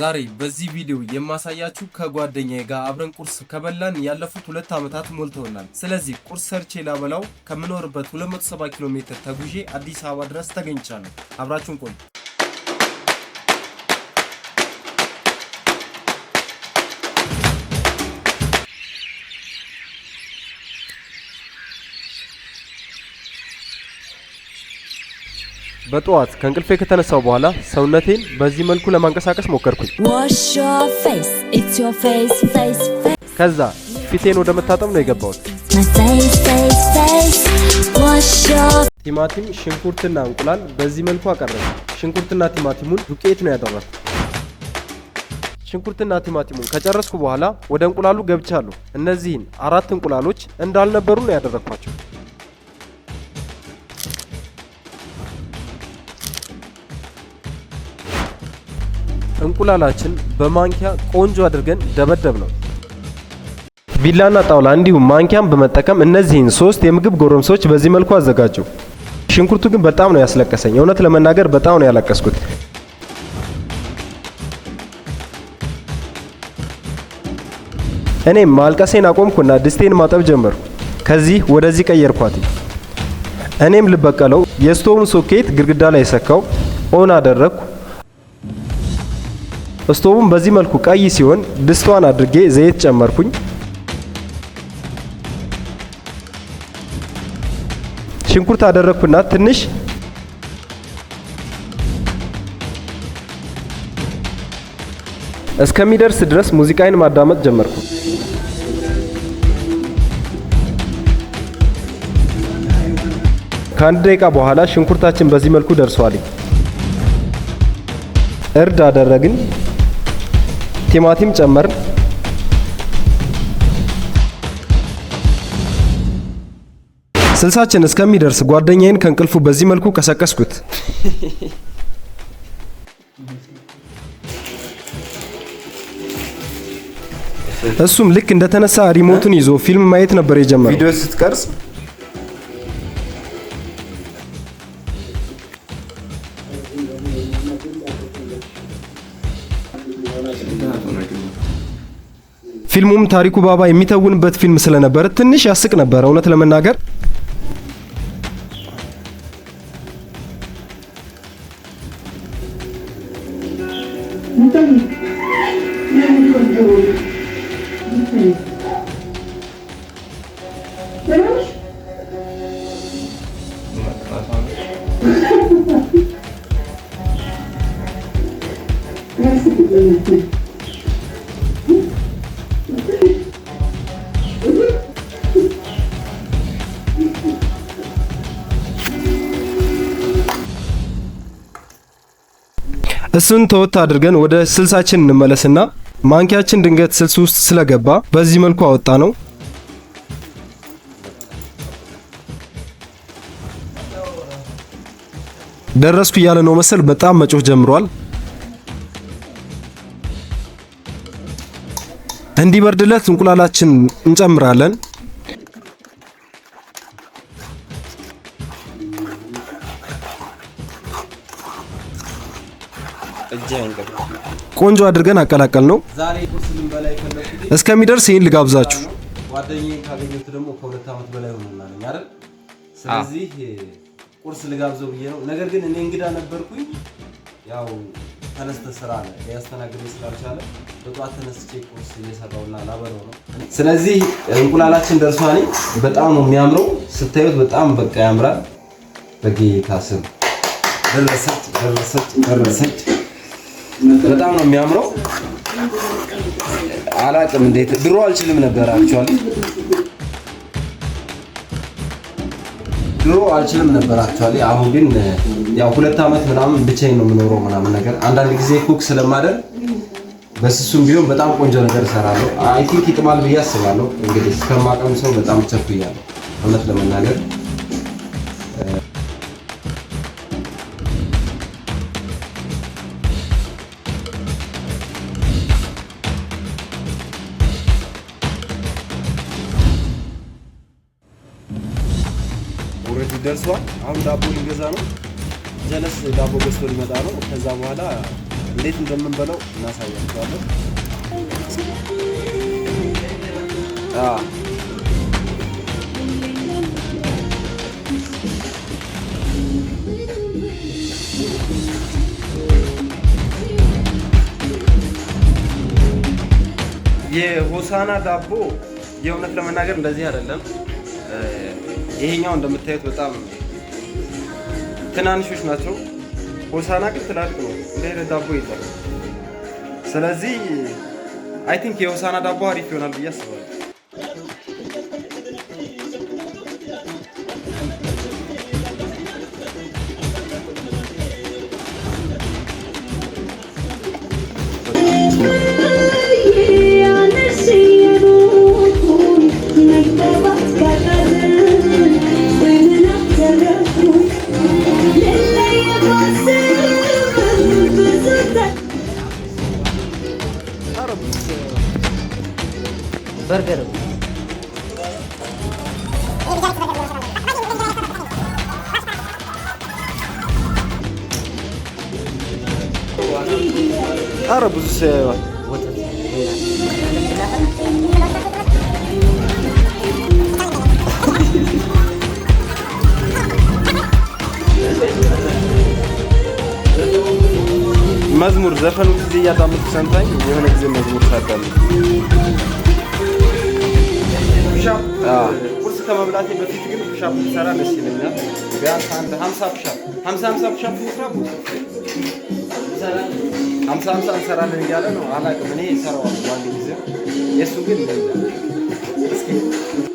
ዛሬ በዚህ ቪዲዮ የማሳያችሁ ከጓደኛዬ ጋር አብረን ቁርስ ከበላን ያለፉት ሁለት ዓመታት ሞልተውናል። ስለዚህ ቁርስ ሰርቼ ላበላው ከምኖርበት 270 ኪሎ ሜትር ተጉዤ አዲስ አበባ ድረስ ተገኝቻለሁ። አብራችሁን ቆዩ። በጠዋት ከእንቅልፌ ከተነሳው በኋላ ሰውነቴን በዚህ መልኩ ለማንቀሳቀስ ሞከርኩኝ። ከዛ ፊቴን ወደ መታጠብ ነው የገባሁት። ቲማቲም፣ ሽንኩርትና እንቁላል በዚህ መልኩ አቀረብ። ሽንኩርትና ቲማቲሙን ዱቄት ነው ያደረኩት። ሽንኩርትና ቲማቲሙን ከጨረስኩ በኋላ ወደ እንቁላሉ ገብቻለሁ። እነዚህን አራት እንቁላሎች እንዳልነበሩ ነው ያደረግኳቸው። እንቁላላችን በማንኪያ ቆንጆ አድርገን ደበደብ ነው። ቢላና ጣውላ እንዲሁም ማንኪያን በመጠቀም እነዚህን ሶስት የምግብ ጎረምሶች በዚህ መልኩ አዘጋጁ። ሽንኩርቱ ግን በጣም ነው ያስለቀሰኝ። እውነት ለመናገር በጣም ነው ያለቀስኩት። እኔም ማልቀሴን አቆምኩና ድስቴን ማጠብ ጀመርኩ። ከዚህ ወደዚህ ቀየርኳት። እኔም ልበቀለው የስቶም ሶኬት ግድግዳ ላይ ሰካው፣ ኦን አደረግኩ። እስቶቡም በዚህ መልኩ ቀይ ሲሆን ድስቷን አድርጌ ዘይት ጨመርኩኝ። ሽንኩርት አደረግኩና ትንሽ እስከሚደርስ ድረስ ሙዚቃዬን ማዳመጥ ጀመርኩ። ከአንድ ደቂቃ በኋላ ሽንኩርታችን በዚህ መልኩ ደርሷል። እርድ አደረግን። ቲማቲም ጨመርን። ስልሳችን እስከሚደርስ ጓደኛዬን ከእንቅልፉ በዚህ መልኩ ቀሰቀስኩት። እሱም ልክ እንደተነሳ ሪሞቱን ይዞ ፊልም ማየት ነበር የጀመረው። ቪዲዮ ስትቀርጽ ፊልሙም ታሪኩ ባባ የሚተውንበት ፊልም ስለነበረ ትንሽ ያስቅ ነበር እውነት ለመናገር እሱን ተወት አድርገን ወደ ስልሳችን እንመለስና ማንኪያችን ድንገት ስልስ ውስጥ ስለገባ በዚህ መልኩ አወጣ ነው። ደረስኩ እያለ ነው መሰል በጣም መጮህ ጀምሯል። እንዲበርድለት እንቁላላችን እንጨምራለን። ቆንጆ አድርገን አቀላቀል ነው። እስከሚደርስ ይህን ልጋብዛችሁ። ጓደኛዬን ካገኘሁት ደግሞ ከሁለት ዓመት በላይ ሆኖናል አይደል? ስለዚህ ቁርስ ልጋብዘው ብዬ ነው። ነገር ግን እኔ እንግዳ ነበርኩኝ። ያው ተነስተ ስራ አለ ያስተናግድ ስላልቻለ በጠዋት ተነስቼ ቁርስ እየሰራውና ላበለው ነው። ስለዚህ እንቁላላችን ደርሷል። በጣም ነው የሚያምረው። ስታዩት በጣም በቃ ያምራል። በጌታ ስም ደረሰች፣ ደረሰች፣ ደረሰች። በጣም ነው የሚያምረው። አላቅም እንዴት ድሮ አልችልም ነበር። አክቹአሊ ድሮ አልችልም ነበር። አክቹአሊ አሁን ግን ያው ሁለት ዓመት ምናምን ብቻዬን ነው የምኖረው ምናምን ነገር አንዳንድ ጊዜ ኩክ ስለማደር በስሱም ቢሆን በጣም ቆንጆ ነገር እሰራለሁ። አይ ቲንክ ይጥማል ብዬ አስባለሁ። እንግዲህ እስከማቀም ሰው በጣም ቸፍያለሁ እውነት ለመናገር ደርሷል። አሁን ዳቦ ሊገዛ ነው። ጀለስ ዳቦ ገዝቶ ሊመጣ ነው። ከዛ በኋላ እንዴት እንደምንበለው እናሳያቸዋለን። የሆሳና ዳቦ የእውነት ለመናገር እንደዚህ አይደለም። ይሄኛው እንደምታዩት በጣም ትናንሾች ናቸው። ሆሳና ግን ትላልቅ ነው። እንደ ዳቦ ይጠራል። ስለዚህ አይ ቲንክ የሆሳና ዳቦ አሪፍ ይሆናል ብዬ አስባለሁ። برجر أربز السوا መዝሙር ዘፈኑ ጊዜ እያዳመጡ ሰንታኝ የሆነ ጊዜ መዝሙር ሳዳመጥ ፑሻፕ ቁርስ ከመብላቴ በፊት ግን ፑሻፕ ሰራ ደስ ይለኛል። ቢያንስ አንድ ሀምሳ ፑሻፕ ሀምሳ ሀምሳ ፑሻፕ ስራ ሀምሳ ሀምሳ እንሰራለን እያለ ነው። አላውቅም እኔ ሰራዋል ጊዜ የእሱ ግን እስኪ